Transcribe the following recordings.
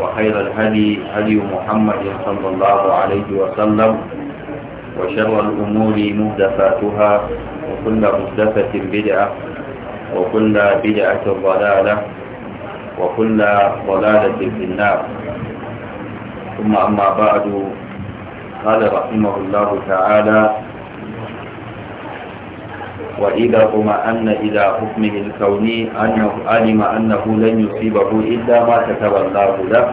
وخير الهدي هدي محمد صلى الله عليه وسلم وشر الأمور مهدفاتها وكل مهدفة بدعة وكل بدعة ضلالة وكل ضلالة في النار ثم أما بعد قال رحمه الله تعالى وإذا اطمأن إلى حكمه الكوني أنه علم أنه لن يصيبه إلا ما كتب الله له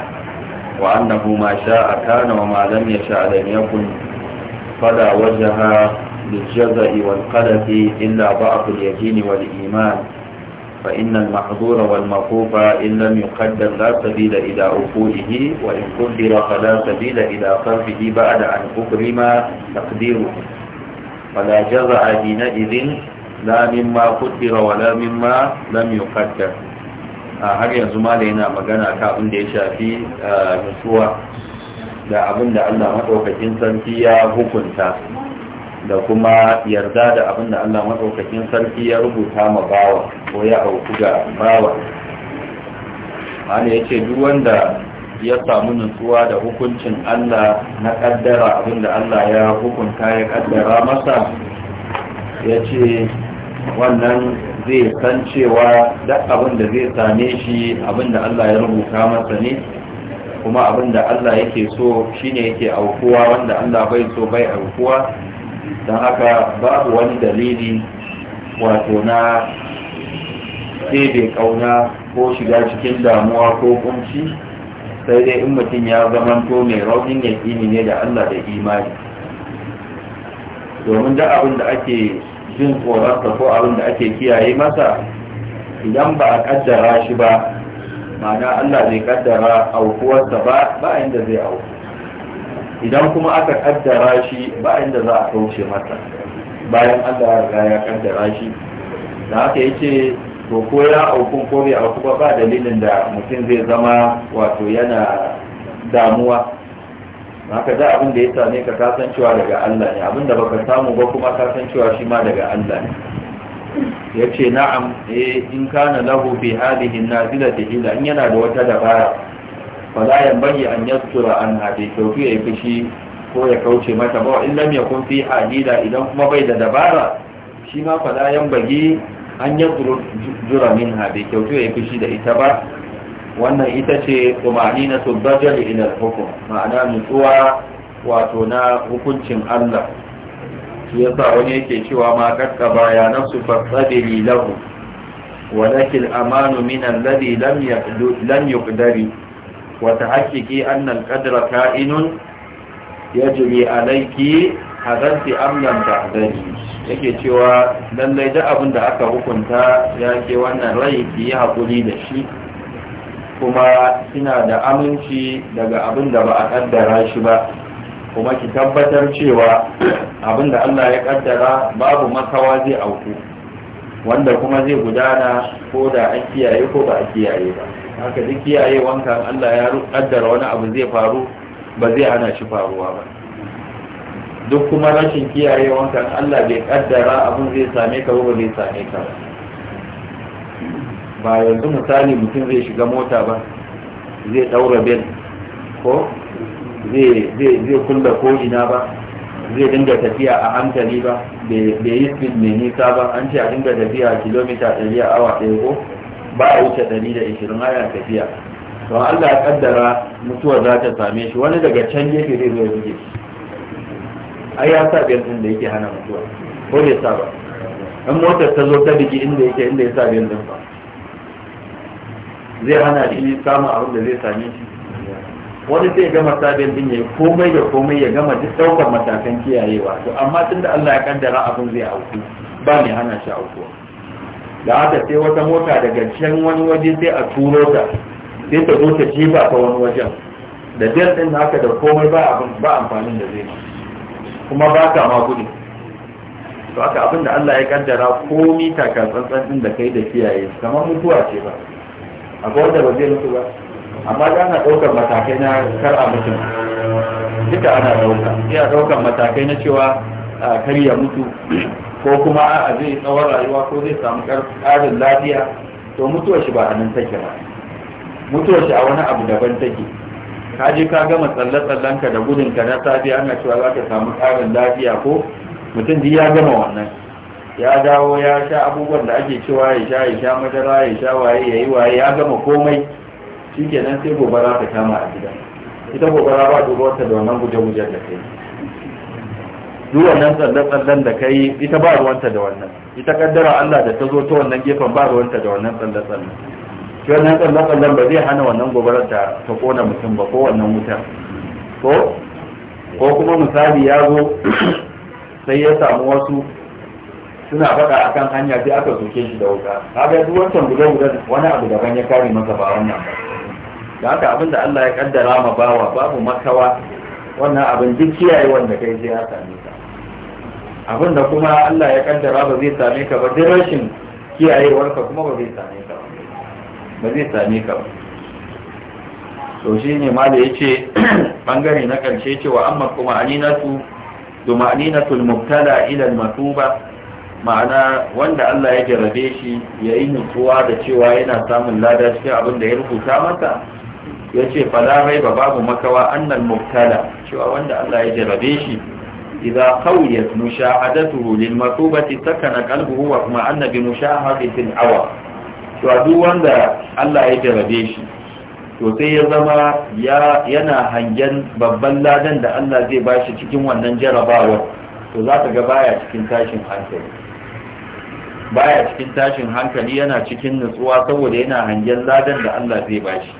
وأنه ما شاء كان وما لم يشاء لم يكن فلا وجه للجزاء والقلق إلا ضعف اليقين والإيمان فإن المحظور والمخوف إن لم يقدر لا سبيل إلى أفوله وإن قدر فلا سبيل إلى خلفه بعد أن أكرم تقديره فلا جزع حينئذ la mimma kutira wa la mimma lam yuqaddar har yanzu ma yana magana ka da ya shafi nutsuwa da abin da Allah madaukakin sarki ya hukunta da kuma yarda da abin da Allah madaukakin sarki ya rubuta ma bawa ko ya auku ga bawa ya yace duk wanda ya samu nutsuwa da hukuncin Allah na kaddara abinda Allah ya hukunta ya ƙaddara masa ya ce wannan zai san cewa duk abin da zai same shi abin da Allah ya rubuta masa ne kuma abin da Allah yake so shine yake aukuwa wanda Allah bai so bai aukuwa don haka babu wani dalili wato na bai kauna ko shiga cikin damuwa ko kunci sai dai in mutum ya zamanto mai raunin yaƙini ne da Allah da imani domin da abin da ake jin tsoronsa ko abin da ake kiyaye masa idan ba a kaddara shi ba ma'ana Allah zai kaddara aukuwarsa ba ba inda zai auku idan kuma aka kaddara shi ba inda za a kauce masa bayan Allah ya riga ya kaddara shi da haka yace to ko ya aukun ko bai auku ba ba dalilin da mutum zai zama wato yana damuwa haka da abin da ya same ka kasan cewa daga Allah ne abin da baka samu ba kuma kasan cewa shi ma daga Allah ne ya ce na'am e in kana lahu na zila da hila in yana da wata dabara za la bayi an tura an haɗe sauki ya fushi ko ya kauce mata ba in lam yakun fi halila idan kuma bai da dabara shi ma fa yan yanbaghi an yastura tura min haɗe kyautu ya fushi da ita ba wannan ita ce tumani na tubbajal ila hukum ma'ana nutsuwa wato na hukuncin Allah shi yasa wani yake cewa ma kakka baya nafsu fasabili lahu ولكن الأمان من الذي لم لم يقدر وتحققي أن القدر كائن يجري عليك حذرت أم لم تحذري yake cewa lallai da abin da aka hukunta ya ke wannan rai ki yi haƙuri da shi kuma kina da aminci daga abin da ba a kaddara shi ba kuma ki tabbatar cewa abin da Allah ya kaddara babu makawa zai auku wanda kuma zai gudana ko da an kiyaye ko ba a kiyaye ba haka duk kiyaye wankan Allah ya kaddara wani abu zai faru ba zai hana shi faruwa ba duk kuma rashin kiyaye wankan Allah bai kaddara abin zai same ka ba zai same ka ba ba yanzu misali mutum zai shiga mota ba zai daura bel ko zai kulla ko'ina ba zai dinga tafiya a hankali ba bai yi speed mai nisa ba an ce a dinga tafiya kilomita 100 awa ɗaya ko ba a wuce 120 ana tafiya don allah ya kaddara mutuwa za ta same shi wani daga can gefe zai zo ya buge shi ai ya sa biyar ɗin da yake hana mutuwa ko bai sa ba in motar ta zo ta biki inda yake inda ya sa biyar din ba zai hana shi samun abin da zai same shi wani sai gama sabon din yi komai da komai ya gama duk daukar matakan kiyayewa to amma tun da Allah ya kaddara abin zai auku ba mai hana shi auku. da haka sai wata mota daga can wani waje sai a turo ta sai ta zo ta jefa ta wani wajen da jan din haka da komai ba abin ba amfanin da zai kuma ba ka ma gudu to haka abin da Allah ya kaddara komi takatsantsan din da kai da kiyaye kamar mutuwa ce ba akwai wanda ba zai mutu ba amma da ana ɗaukar matakai na kar a mutum duka ana ɗauka iya ɗaukar matakai na cewa kar ya mutu ko kuma a zai tsawon rayuwa ko zai samu ƙarin lafiya to mutuwar shi ba a nan take ba mutuwar shi a wani abu daban take ka je ka gama tsalle tsallen ka da gudunka na safiya ana cewa za ka samu ƙarin lafiya ko mutum ji ya gama wannan ya dawo ya sha abubuwan da ake cewa ya sha ya sha madara ya sha waye ya yi waye ya gama komai shi kenan sai gobara ta kama a gida ita gobara ba wata da wannan guje-guje da kai duk wannan tsalle-tsallen da kai ita ba ruwanta da wannan ita kaddara Allah da ta zo ta wannan gefen ba ruwanta da wannan tsalle-tsallen shi wannan tsalle-tsallen ba zai hana wannan gobarar ta ta kona mutum ba ko wannan wutar ko ko kuma misali ya zo sai ya samu wasu suna faɗa a kan hanya sai aka soke shi da wuta kaga duk wancan guda guda wani abu daban ya kare masa ba wannan ba da haka abin da Allah ya kaddara ma bawa babu makawa wannan abin duk kiyaye wanda kai sai ya same ka abin da kuma Allah ya kaddara ba zai same ka ba duk rashin ka kuma ba zai same ka ba zai same ka ba to shi ne ma da ya ce ɓangare na ƙarshe cewa amma kuma aninatu duma'ninatul mubtada ila al-matuba ma'ana wanda Allah ya jarabe shi ya yi nutsuwa da cewa yana samun lada cikin abin da ya rubuta masa ya ce falarai ba babu makawa annal mubtala cewa wanda Allah ya jarabe shi idza qawiyat mushahadatuhu lil matubati sakana qalbuhu wa kuma annabi mushahadatil awa cewa duk wanda Allah ya jarabe shi to sai ya zama yana hangen babban ladan da Allah zai bashi cikin wannan jarabawar to za ka ga baya cikin tashin hankali baya cikin tashin hankali yana cikin nutsuwa saboda yana hangen ladan da Allah zai bashi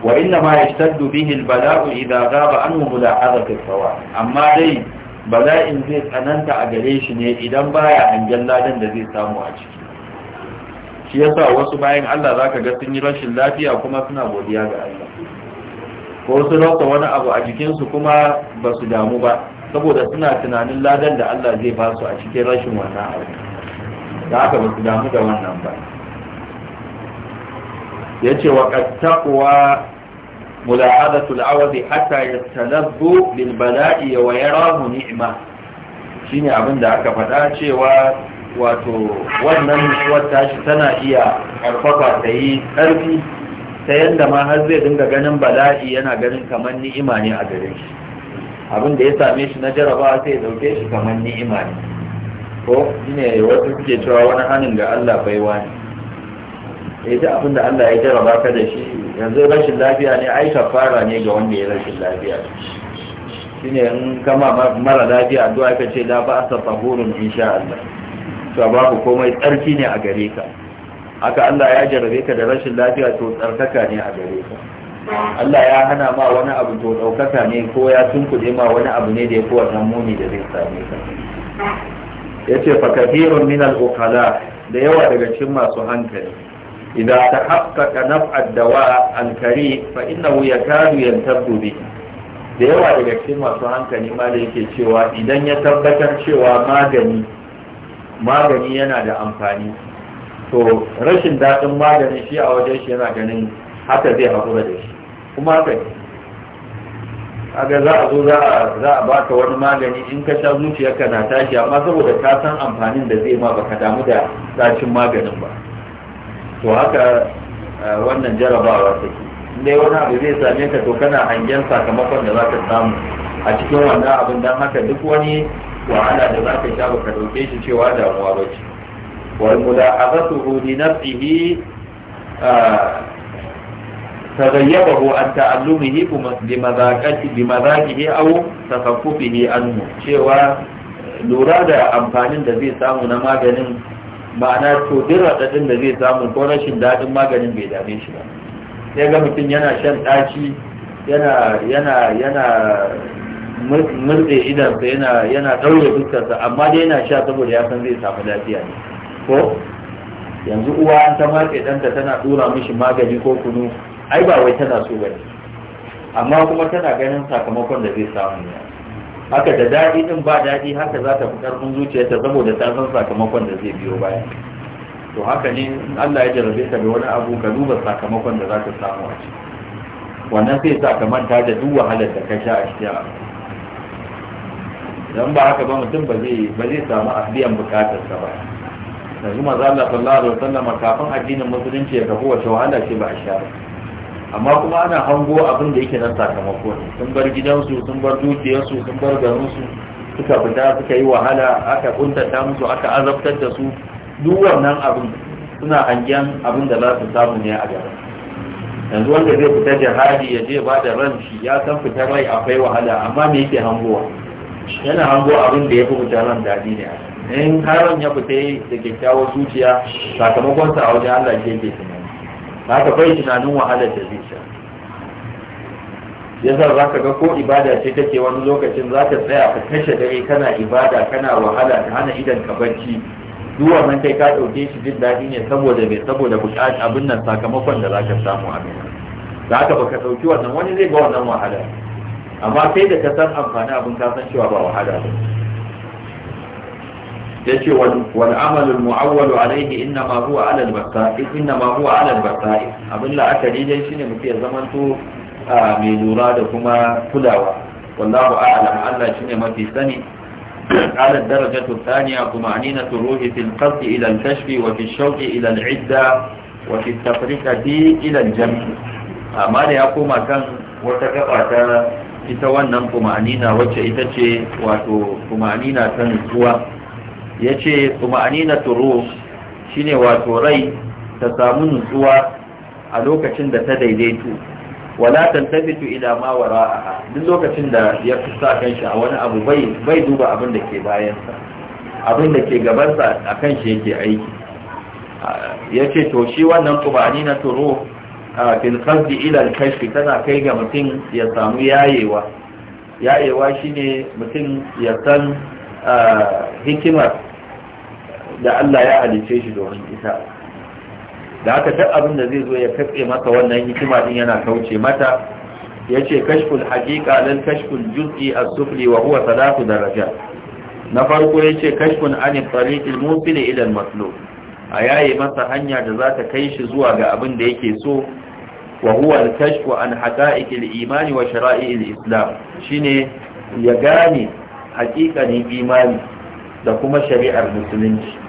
wa inna ma yashtaddu bihi al-bala'u idha ghaba anhu mula'adatu sawa amma dai bala'in zai tsananta a gare shi ne idan baya hangen ladan da zai samu a ciki shi yasa wasu bayan Allah zaka ga sun yi rashin lafiya kuma suna godiya ga Allah ko su rasa wani abu a jikinsu kuma basu damu ba saboda suna tunanin ladan da Allah zai ba su a cikin rashin wannan abu da aka ba su damu da wannan ba ya ce wa ƙattaƙuwa mula'adatul tul'awazi hata ya bilbala'i ya bala'i wa yarahu ni'ma ne abin da aka faɗa cewa wato wannan wata shi tana iya ƙarfafa ta yi ƙarfi ta yadda ma har zai dinga ganin bala'i yana ganin kamar ni'ima ne a gare shi abin da ya same shi na jarabawa sai ya ɗauke shi kamar ni'ima ne ko shine wata suke cewa wani hannun ga Allah bai wani. ya eh, ji abin da Allah ya jaraba ka da shi yanzu rashin lafiya ne aika fara ne ga wanda ya rashin lafiya Shi ne in kama mara lafiya duk aka ce da ba a asa in insha Allah to babu komai tsarki ne a gare ka haka Allah ya jarabe ka da rashin lafiya to tsarkaka ne a gare ka Allah ya hana ma wani abu to ɗaukaka ne ko ya tunkuɗe ma wani abu ne da ya fi wannan muni da zai same ka yace fa kathirun min al-uqala da yawa daga cikin masu hankali idza tahaqqaqa naf'ad dawa al-kari fa innahu yakadu yantabdu bi da yawa daga cikin masu hankali ma da yake cewa idan ya tabbatar cewa magani magani yana da amfani to rashin daɗin maganin shi a wajen shi yana ganin haka zai haƙura da shi kuma haka ne aga za a zo za a baka wani magani in ka sha zuciyarka na tashi amma saboda ka san amfanin da zai ma baka damu da tsacin maganin ba to haka eh, wannan jarabawa take dai wani abu zai same ka to kana hangen sakamakon da za ka samu a cikin wannan abin don haka duk wani wahala da za ka sha baka dauke shi cewa damuwa ba ce wal mula'azatu nafsihi eh, taghayyabahu an ta'allumihi bi mazaqati bi mazaqihi aw takaffufihi anhu cewa lura da amfanin da zai samu na maganin ma'ana to din da zai samu ko rashin dadin maganin bai dame shi ba sai ga mutum yana shan daci yana yana yana yana yana dukkan sa, amma dai yana sha saboda ya san zai samu lafiya ne ko yanzu uwa an ta matse ɗanta tana ɗura mishi magani ko kunu ai ba wai tana so bane amma kuma tana ganin sakamakon da zai samu ne haka da daɗi din ba daɗi haka za ta fi ƙarfin zuciyarta saboda ta san sakamakon da zai biyo baya to haka ne Allah ya jarabe ta da wani abu ka duba sakamakon da za ka samu a ciki wannan sai sa ka manta da duk wahalar da ka sha a cikin abu don ba haka ba mutum ba zai samu biyan bukatarsa ba yanzu maza Allah sallallahu alaihi wasallam kafin addinin musulunci ya kafu wace wahala ce ba a sha ba amma kuma ana hango abin da yake nan sakamako ne sun bar gidansu sun bar dukiyarsu sun bar garinsu suka fita suka yi wahala aka kuntata musu aka azabtar da su duk wannan abin suna hangen abin da za su samu ne a gaba yanzu wanda zai fita jihadi ya je ba da ran shi ya san fita rai akwai wahala amma me yake hangowa yana hango abin da ya fi fita ran daɗi ne in haron ya fita da kyakkyawar zuciya sakamakonsa a wajen Allah ke ke ba ka bai tunanin wahalar da zai sha yasa za ka ga ko ibada ce take wani lokacin za ka tsaya ka kashe dare kana ibada kana wahala ta hana idan ka barci duk wannan kai ka ɗauke shi jin daɗi ne saboda mai saboda buƙatar abin nan sakamakon da za ka samu a nan ka ba baka ɗauki wannan wani zai ga wannan wahala amma kai da ka san amfani abin ka san cewa ba wahala ba yace wal wani amalin mu'awwalu alaihi inna ma huwa ala al inna ma huwa ala al abin la'akari dai shine ya zaman to mai lura da kuma kulawa wallahu a'lam Allah shine mafi sani على الدرجة الثانية طمأنينة الروح في القصد إلى الكشف وفي الشوق إلى العدة وفي التفرقة إلى الجمع ما ليقوم كان وتقطع ita wannan nina wacce ita ce wato kumanina ta ya ce na turo shi ne wato rai ta samu nutsuwa a lokacin da ta daidaitu wala tantabitu ila ma wara'aha duk lokacin da ya fi kan kanshi a wani abu bai duba abin da ke bayansa abin da ke gabansa a kanshi yake aiki Ya ce to shi wannan na turo fil qasdi ila ilal kashi tana kai ga mutum ya samu yayewa yayewa shine mutum ya san hikimar da Allah ya halice shi domin ita da haka ta abin da zai zo ya katse masa wannan hikima din yana kauce mata yace kashful haqiqa lal kashful juz'i as-sufli wa huwa salatu daraja, na farko yace kashfun an tariqil musil ila al-matlub a yayi masa hanya da za ta kai shi zuwa ga abin da yake so wa huwa al-kashfu an haqa'iqil imani wa shara'i'il islam shine ya gane haƙiƙanin imani da kuma shari'ar musulunci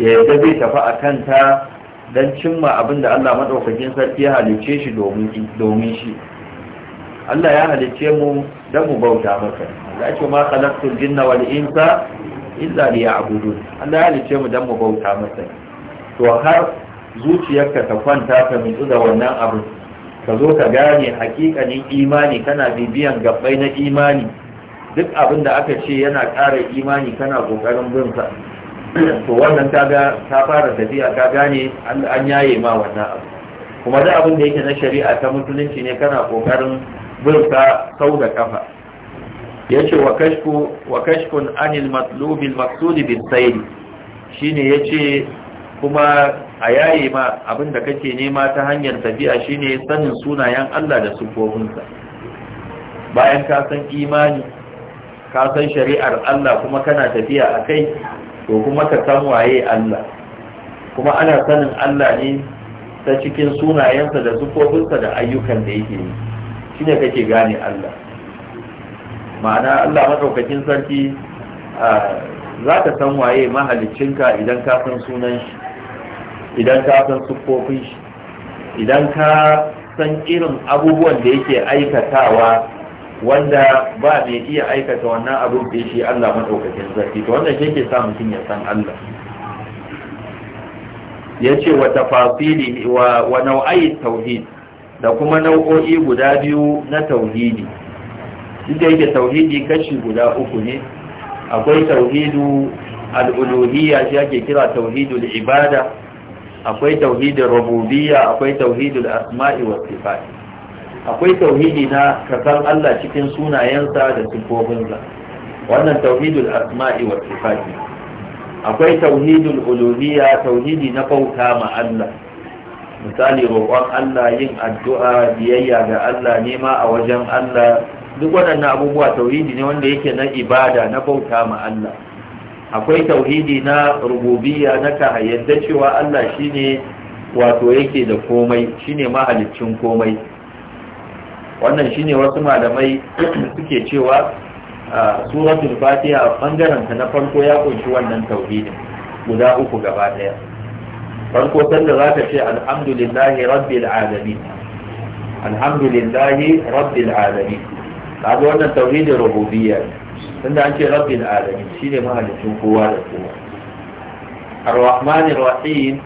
ya zai tafi a kanta don cimma abin da Allah maɗaukakin sarki ya halicce shi domin shi Allah ya halicce mu don mu bauta maka Allah ce ma khalaqtul jinna wal insa illa liya'budun Allah ya halicce mu don mu bauta masa to har zuciyarka ta kwanta ka nutsu da wannan abin ka zo ka gane hakikanin imani kana bibiyan gabbai na imani duk abin da aka ce yana ƙara imani kana ƙoƙarin bin sa to wannan kaga ta fara tafiya ka gane an yaye ma wannan abu kuma da abin da yake na shari'a ta musulunci ne kana kokarin bursa sau da kafa yace wa kashku wa kashkun anil matlub al maqsud bis sayl shine yace kuma a yaye ma abin da kake nema ta hanyar tafiya shine sanin sunayen Allah da sufofinsa bayan ka san imani ka san shari'ar Allah kuma kana tafiya kai? to kuma ka san waye Allah kuma ana sanin Allah ne ta cikin sunayensa da sufofinsa da ayyukan da yake yi shine kake gane Allah ma'ana Allah maɗaukakin sarki za ka san waye mahalicinka idan ka san sunan shi idan ka san sufofin shi idan ka san irin abubuwan da yake aikatawa wanda ba mai iya aikata wannan abin da shi Allah madaukakin zafi, to wannan yake sa mutum ya san Allah yace wa tafasili wa wa nau'ai tauhid da kuma nau'o'i guda biyu na tauhidi inda yake tauhidi kashi guda uku ne akwai tauhidu al-uluhiyya shi ake kira tauhidul ibada akwai tauhidin rububiyya akwai tauhidul asma'i wa sifat akwai tauhidi na kasan Allah cikin sunayensa da sifofinsa wannan tauhidul asma'i wa sifati akwai tauhidul uluhiyya tauhidi na bauta ma Allah misali roƙon Allah yin addu'a biyayya ga Allah nema a wajen Allah duk waɗannan abubuwa tauhidi ne wanda yake na ibada na bauta ma Allah akwai tauhidi na rububiyya na ka cewa Allah shine wato yake da komai shine mahaliccin komai wannan shine wasu malamai suke cewa suratul fatiha bangaren ta na farko ya kunshi wannan tauhidin guda uku gaba daya farko sanda zaka ce alhamdulillahi rabbil alamin alhamdulillahi rabbil alamin kaga wannan tauhidin rububiyya tunda an ce rabbil alamin shine mahalicin kowa da kowa ar-rahmanir rahim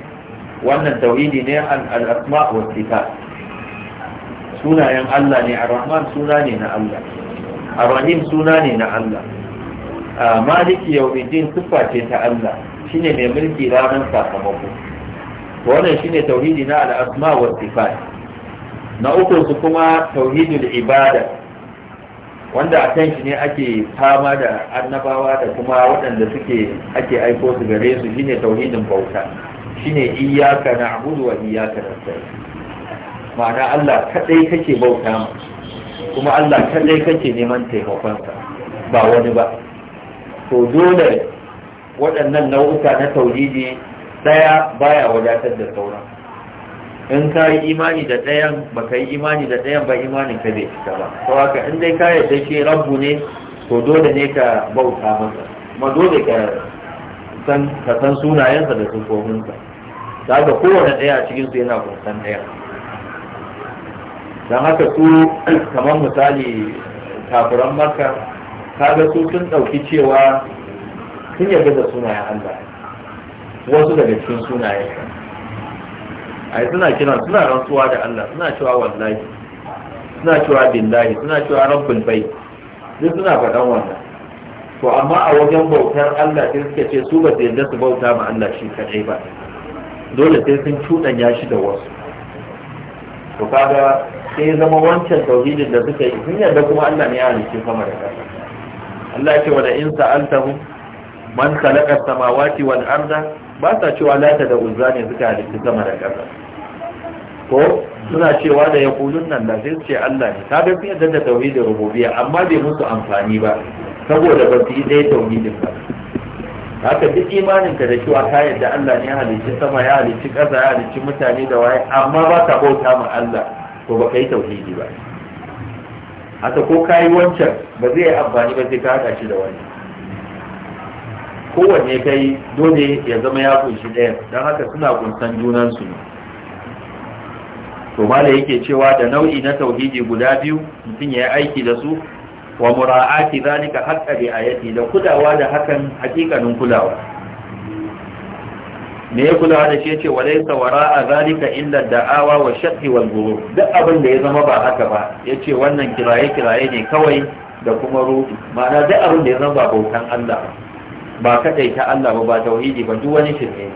wannan tauhidi ne an al-asma' was sifat sunayen Allah ne a rahman suna ne na Allah a rahim suna ne na Allah maliki tuffa ce ta Allah shine mai mulki ranar sakamako wannan shine tauhidi na al'asma asma wa sifat na uku su kuma tauhidul ibada wanda a kan shi ne ake fama da annabawa da kuma waɗanda suke ake aiko su gare su shine tauhidin bauta shine iyyaka na'budu wa iyyaka nasta'in ma'ana Allah kaɗai kake bauta ma kuma Allah kaɗai kake neman taimakonsa ba wani ba to dole waɗannan nau'uka na tauhidi ɗaya baya wadatar da sauran in ka yi imani da ɗayan ba ka yi imani da ɗayan ba imanin ka zai cika ba to haka in dai ka yarda shi rabbu ne to dole ne ka bauta masa kuma dole ka san sunayensa da sufofinsa da haka kowane ɗaya cikin su yana kunsan ɗaya don haka su kamar misali kafiran maka kaga su sun ɗauki cewa sun yarda da sunayen allah wasu daga cikin sunayen ai suna kiran suna rantsuwa da allah suna cewa wallahi suna cewa billahi suna cewa rabbul bai duk suna faɗan wannan to amma a wajen bautar allah sai suka ce su ba su yarda su bauta ma allah shi kaɗai ba dole sai sun cuɗanya shi da wasu to kaga sai zama wancan tauhidin da suka yi sun yarda kuma Allah ne ya halice sama da ƙasa Allah ya ce wala in sa'altahum man khalaqa samawati wal arda ba sa cewa lata da uzza ne suka halitta sama da ƙasa ko suna cewa da yaqulun nan da sai su ce Allah ne ta bai yarda da tauhidin rububiyya amma bai musu amfani ba saboda ba su yi dai tauhidin ba haka duk imaninka da cewa ka yadda Allah ne ya halicci sama ya halicci ƙasa ya halicci mutane da waye amma ba ka bauta ma Allah ko ba ka yi tauhidi ba haka ko ka yi wancan ba zai yi amfani ba sai ka haɗa shi da wani kowanne ka yi dole ya zama ya kunshi ɗaya don haka suna kunsan junansu ne to mala yake cewa da nau'i na tauhidi guda biyu mutum ya yi aiki da su wa mura'ati zalika haqqa ayati da kulawa da hakan hakikanin kulawa me ya kulawa da shi yace walaysa wara'a zalika illa da'awa wa shaqqi wal ghurur duk abin da ya zama ba haka ba yace wannan kiraye kiraye ne kawai da kuma ruhi ma'ana duk abin da ya zama ba bautan Allah ba kadai ta Allah ba ba tauhidi ba duk wani ne.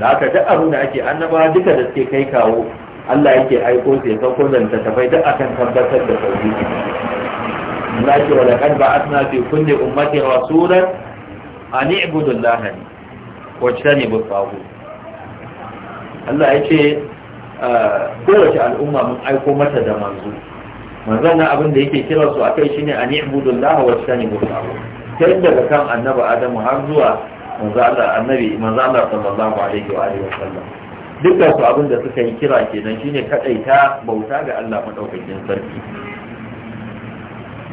da haka duk abin da ake annabawa duka da suke kai kawo Allah yake aiko sai sauko zanta tafai duk akan tabbatar da tauhidi zaki wa laqad ba'athna fi kulli ummati rasulan an i'budu allaha wa tanibu tsahu Allah ya ce kowace al'umma mun aiko mata da manzo manzon nan abin da yake kira su akai shine an i'budu allaha wa tanibu tsahu tun daga kan annabi adamu har dukkan su abin da suka yi kira kenan shine kadaita bauta ga Allah madaukakin sarki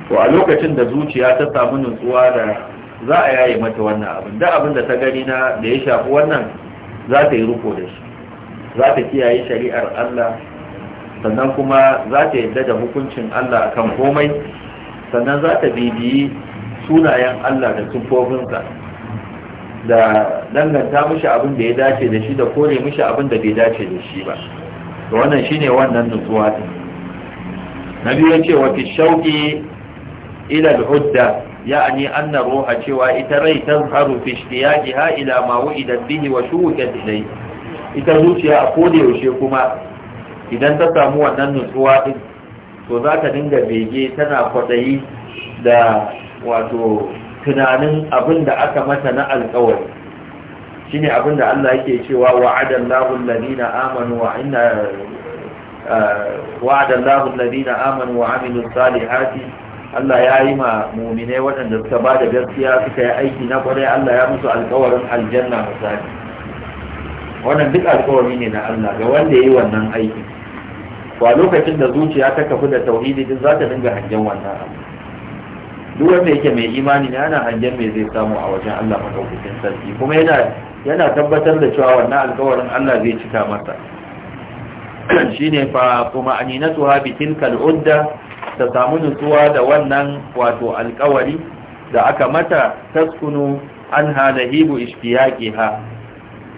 to a lokacin da zuciya ta samu nutsuwa da za a yaye mata wannan abin da abin da ta gani na da ya shafi wannan za ta yi ruko da shi za ta kiyaye shari'ar Allah sannan kuma za ta yadda da hukuncin Allah akan komai sannan za ta bibiyi sunayen Allah da sufofinsa da danganta mishi abin da ya dace da shi da kore mishi abin da bai dace da shi ba wannan shine wannan nutsuwa din na biyu ce wa fi shauki ila al-udda yani anna ruha cewa ita rai tazharu fi ishtiyaqiha ila ma wu'ida bihi wa shuqat ilay ita zuciya a koda yaushe kuma idan ta samu wannan nutsuwa din to za ta dinga bege tana kwadayi da wato tunanin abinda aka mata na alƙawari shine abinda Allah yake cewa wa'adallahu alladhina amanu wa inna alladhina amanu wa amilus salihati Allah ya yi ma muminai waɗanda suka ba da gaskiya suka yi aiki na kwarai Allah ya musu alkawarin aljanna misali wannan duk alkawari ne na Allah ga wanda ya yi wannan aiki Kwa lokacin da zuciya ta kafu da tauhidi duk za ta dinga hangen wannan abu duk wanda yake mai imani ne yana hangen mai zai samu a wajen Allah madaukakin sarki kuma yana yana tabbatar da cewa wannan alkawarin Allah zai cika masa shine fa kuma aninatu ha bi tilkal udda ta samu nutsuwa da wannan wato alkawari da aka mata taskunu an halahibu ha,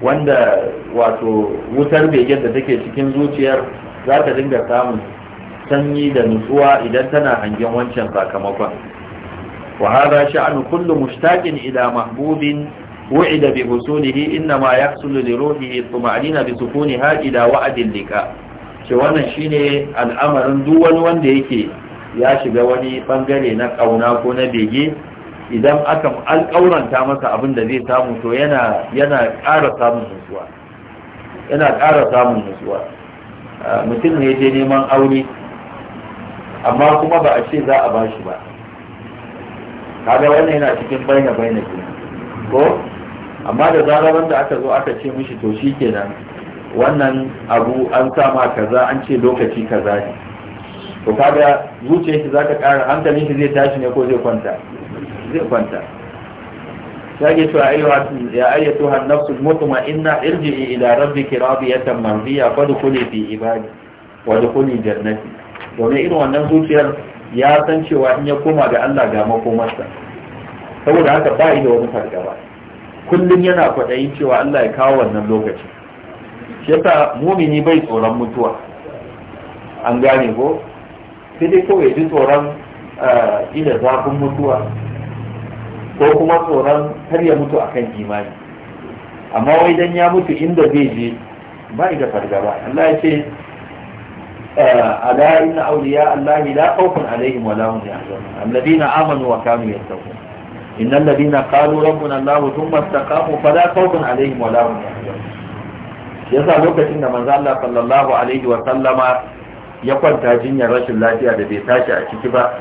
wanda wato wutar begen da take cikin zuciyar za ta dinga samun sanyi da nutsuwa idan tana hangen wancan sakamakon wa sha'anu sha'nu kullu mushtaqin ila mahbubin wu'ida bi husulihi inma yahsulu li ruhihi tuma'nina bi sukuniha ila wa'dil liqa' ce wannan shine al'amarin duk wani wanda yake ya shiga wani bangare na kauna ko na bege idan aka alƙauranta masa abin da zai samu to yana yana ƙara samun nutsuwa yana ƙara samun nutsuwa ah, mutum ne je neman aure amma kuma ba a ce za a ba shi ba kaga wannan yana cikin baina baina ko amma da zarar wanda aka zo aka ce mishi to shikenan wannan abu an sama kaza an ce lokaci kaza ne to kaga zuciyar shi zaka ƙara hankalin shi zai tashi ne ko zai kwanta zai kwanta sage to ayyuha ya ayyatu han nafsu mutma'inna irji'i ila rabbiki radiyatan mardiya fadkhuli fi ibadi wa dukhuli jannati domin irin wannan zuciyar ya san cewa in ya koma ga Allah ga makomarsa saboda haka ba da wani fargaba kullum yana kwaɗayin cewa Allah ya kawo wannan lokaci yasa mumini bai tsoron mutuwa an gane ko sai dai kawai ji tsoron eh, ila zafin mutuwa ko kuma tsoron karya ya mutu akan imani amma wai dan ya mutu inda zai je ba ga fargaba Allah ya ce eh, ala inna awliya Allah la khawfun alaihim wa la hum yahzanun alladhina amanu wa kanu yattaqun innal ladina qalu rabbuna Allah thumma istaqamu fala khawfun alaihim wa la hum yahzanun Ya sa lokacin da manzo Allah sallallahu alaihi wa sallama ya kwanta jinyar rashin lafiya da bai tashi a ciki ba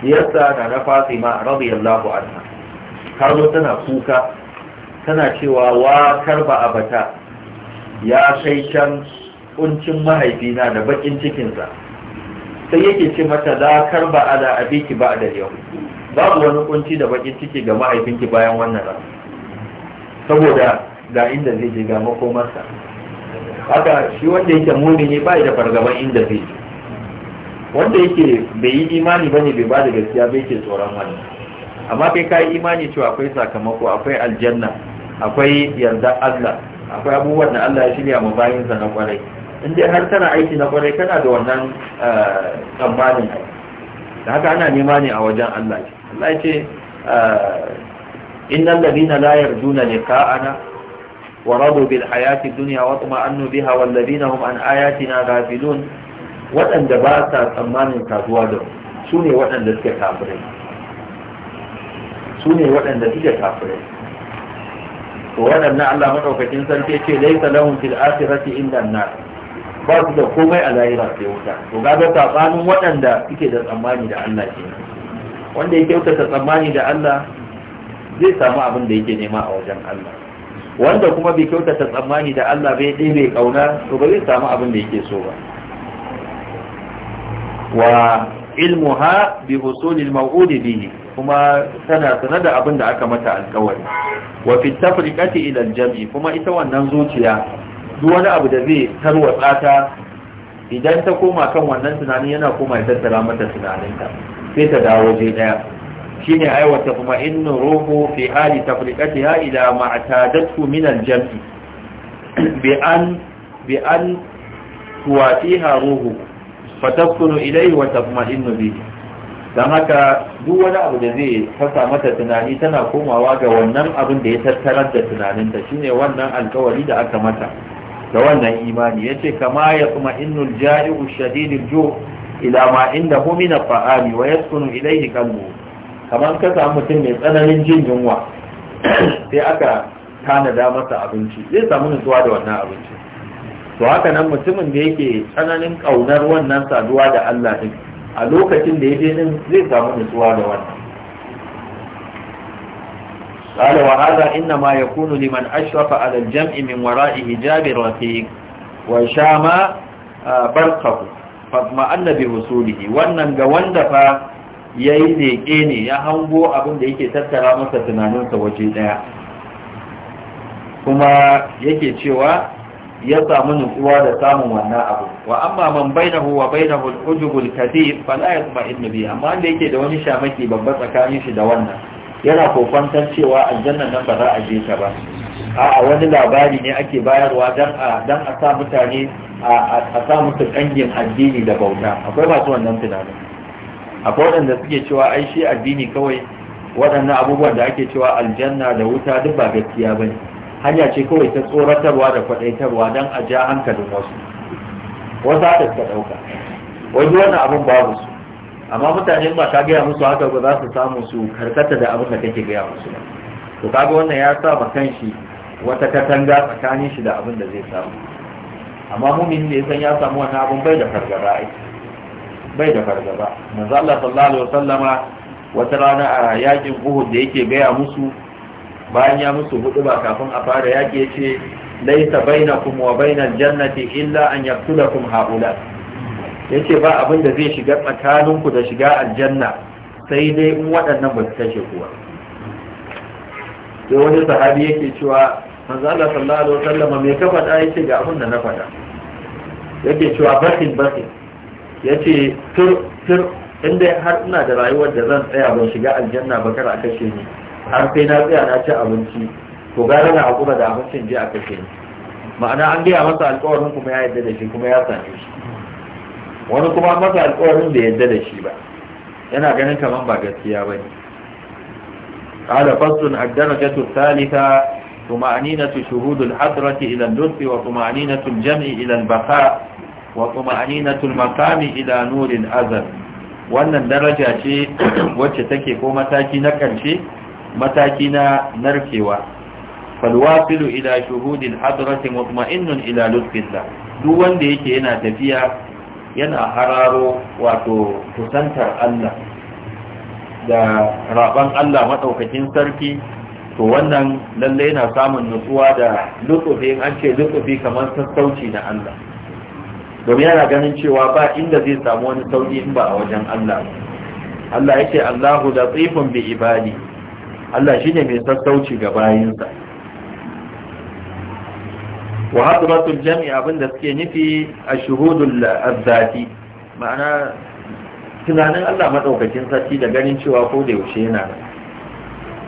diyarsa na na Fatima radiyallahu anha ta zo tana kuka tana cewa wa karba abata ya kai can kuncin mahaifina da bakin cikinsa sai yake ce mata la karba ala abiki ba da yau babu wani kunci da bakin ciki ga mahaifinki bayan wannan rana saboda ga inda zai je ga makomarsa haka shi wanda yake mumini ba da fargaban inda zai je wanda yake bai yi imani bane bai ba da gaskiya bai ke tsoron wani amma kai ka imani cewa akwai sakamako akwai aljanna akwai yarda Allah akwai abubuwan da Allah ya shirya ma bayin sa na kwarai in dai har tana aiki na kwarai kana da wannan eh, tsammanin da haka ana nema ne a wajen Allah Allah ya ce eh, innal ladina la yarjuna liqa'ana ورضوا بالحياة الدنيا واطمأنوا بها والذين هم عن آياتنا غافلون وأن دبات أمان كاتوادهم سوني وأن دسك كافرين سوني وأن دسك كافرين وأن نعلى مدعوك تنسان كيشي ليس لهم في الآخرة إلا النار ba su da komai a lahira sai wuta to ga ta tsanin waɗanda suke da tsammani da Allah ke wanda ya kyautata tsammani da Allah zai samu abin da yake nema a wajen Allah wanda kuma bai kyautata tsammani da Allah bai ɗaya bai ƙauna to ba zai samu abin da yake so ba wa ilmuha bi husulil maw'udi bihi kuma tana sanar da abin da aka mata alƙawari wa fi tafriqati ila jami kuma ita wannan zuciya duk wani abu da zai tarwatsa ta idan ta koma kan wannan tunanin yana koma ya tattara mata tunaninta sai ta dawo je daya shine aiwa tatma'innu ruhu fi hali tafriqatiha ila ma min al-jam'i bi an bi an tuwatiha ruhu fataskunu ilayhi wa tatma'innu bi. dan haka duk wani abu da zai fasa mata tunani tana komawa ga wannan abin da ya tattarar da tunaninta shine wannan alkawari da aka mata da wannan imani yace kama ya kuma innul ja'i'u shadidul ju' ila ma indahu min al-fa'ami wa yaskunu ilayhi qalbuhu kamar ka samu mutum mai tsananin jin yunwa sai aka tanada masa abinci zai samu nutsuwa da wannan abinci to haka nan mutumin da yake tsananin ƙaunar wannan saduwa da Allah din a lokacin da yake din zai samu nutsuwa da wannan قال وهذا إنما يكون لمن أشرف على الجمع من وراء حجاب رقيق وشام برقه فاطمأن بوصوله wannan ga wanda fa ya yi leƙe ne ya hango abin da yake tattara masa tunaninsa waje ɗaya kuma yake cewa ya samu nutsuwa da samun wannan abu wa amma man bainahu wa bainahu al-ujubul kathir fala yatma'in bi amma da yake da wani shamaki babba tsakanin shi da wannan yana kokwantar cewa aljanna nan ba za a je ta ba a wani labari ne ake bayarwa dan a dan a sa mutane a sa musu kangin addini da bauta akwai masu wannan tunanin akwai waɗanda suke cewa ai shi addini kawai waɗannan abubuwan da ake cewa aljanna da wuta duk ba gaskiya bane hanya ce kawai ta tsoratarwa da kwaɗaitarwa don a ja hankalin wasu wasu haka suka ɗauka wani wannan abin babu su amma mutane ba ka gaya musu haka ba za su samu su karkata da abin da kake gaya musu ba to kaga wannan ya sa ma kanshi wata katanga tsakanin shi da abin da zai samu amma mumin ne san ya samu wani abin bai da fargaba aiki bai da fargaba manzo Allah sallallahu alaihi wasallama wata rana a yakin Uhud da yake gaya musu bayan ya musu hudu ba kafin a fara yake yace laisa bainakum wa bainal jannati illa an yaqtulakum haula yace ba abin da zai shiga tsakaninku da shiga aljanna sai dai in waɗannan ba su kashe kuwa sai wani sahabi yake cewa manzo Allah sallallahu alaihi wasallama me ka faɗa yace ga abin da na faɗa yake cewa bakin bakin ya ce fir inda har ina da rayuwar da zan tsaya ban shiga aljanna ba kar a kashe ni har sai na tsaya na ci abinci to gara na hakura da abincin je a kashe ni ma'ana an gaya masa alkawarin kuma ya yadda da shi kuma ya same shi wani kuma masa alkawarin bai yadda da shi ba yana ganin kamar ba gaskiya ba ne قال فصل الدرجة الثالثة طمأنينة شهود الحضرة إلى النصف وطمأنينة الجمع إلى البقاء wa tuma'aninatul tulmakami ila nurin azal wannan daraja ce wacce take ko mataki na ƙarshe mataki na narkewa falwasilu ila shuhudin hadrati mutma'innun ila lutfillah duk wanda yake yana tafiya yana hararo wato kusantar Allah da raban Allah madaukakin sarki to wannan lalle yana samun nutsuwa da lutsufi an ce lutsufi kamar sassauci na Allah domin yana ganin cewa ba inda zai samu wani sauki in ba a wajen Allah Allah yake Allahu latifun bi ibadi Allah shine mai sassauci ga bayinsa wa hadratul jami' abinda suke nufi ashhudul azati ma'ana tunanin Allah madaukakin sarki da ganin cewa ko da yaushe yana nan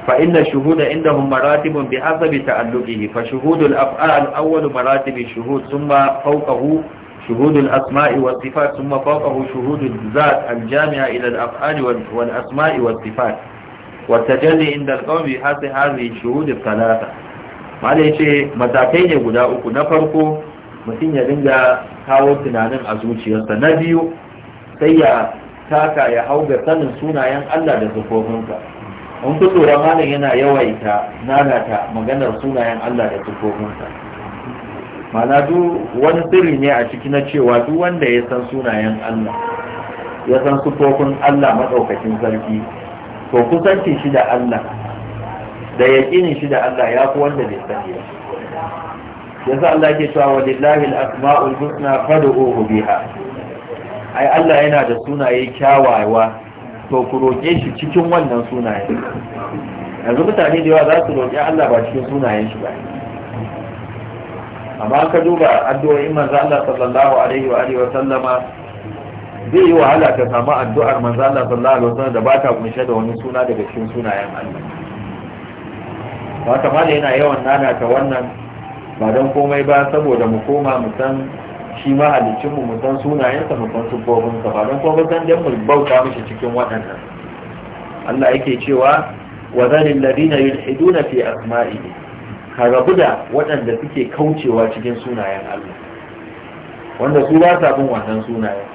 fa inna shuhuda indahum maratibun bi hasabi ta'alluqihi fa shuhudul af'al awwal maratibi shuhud thumma fawqahu شهود الأسماء والصفات ثم فوقه شهود الذات الجامعة إلى الأفعال والأسماء والصفات والتجلي عند القوم بحث هذه الشهود الثلاثة ما ليش متاكين na farko mutum ya dinga kawo tunanin a zuciyarsa na biyu sai ya taka ya hau ga sanin sunayen Allah da sufofinsa in ku tsoron malam yana yawaita nanata maganar sunayen Allah da sufofinsa mana duk wani sirri ne a ciki na cewa duk wanda ya san sunayen Allah ya san sufofin Allah maɗaukacin sarki to kusanci shi da Allah da yaƙinin shi da Allah ya fi wanda bai sani ba yasa Allah ke cewa lillahi al-asma'ul husna fad'uhu biha ai Allah yana da sunaye kyawawa to ku roƙe shi cikin wannan sunayen yanzu mutane da yawa za su roƙi Allah ba cikin sunayen shi ba amma ka duba addu'o'in manzo Allah sallallahu alaihi wa alihi wa sallama zai yi wahala ka samu addu'ar manzo Allah sallallahu alaihi wa sallam da ba ta kunshe da wani suna daga cikin sunayen Allah ba kamar yana yawan nana ta wannan ba don komai ba saboda mu koma mu san shi ma halicin mu san sunayensa mu san sufofin sa ba don komai san dan mu bauta mishi cikin waɗannan Allah yake cewa wa zalil ladina yulhiduna fi asma'ihi ka rabu da waɗanda suke kaucewa cikin sunayen Allah wanda su ba sa bin wannan sunayen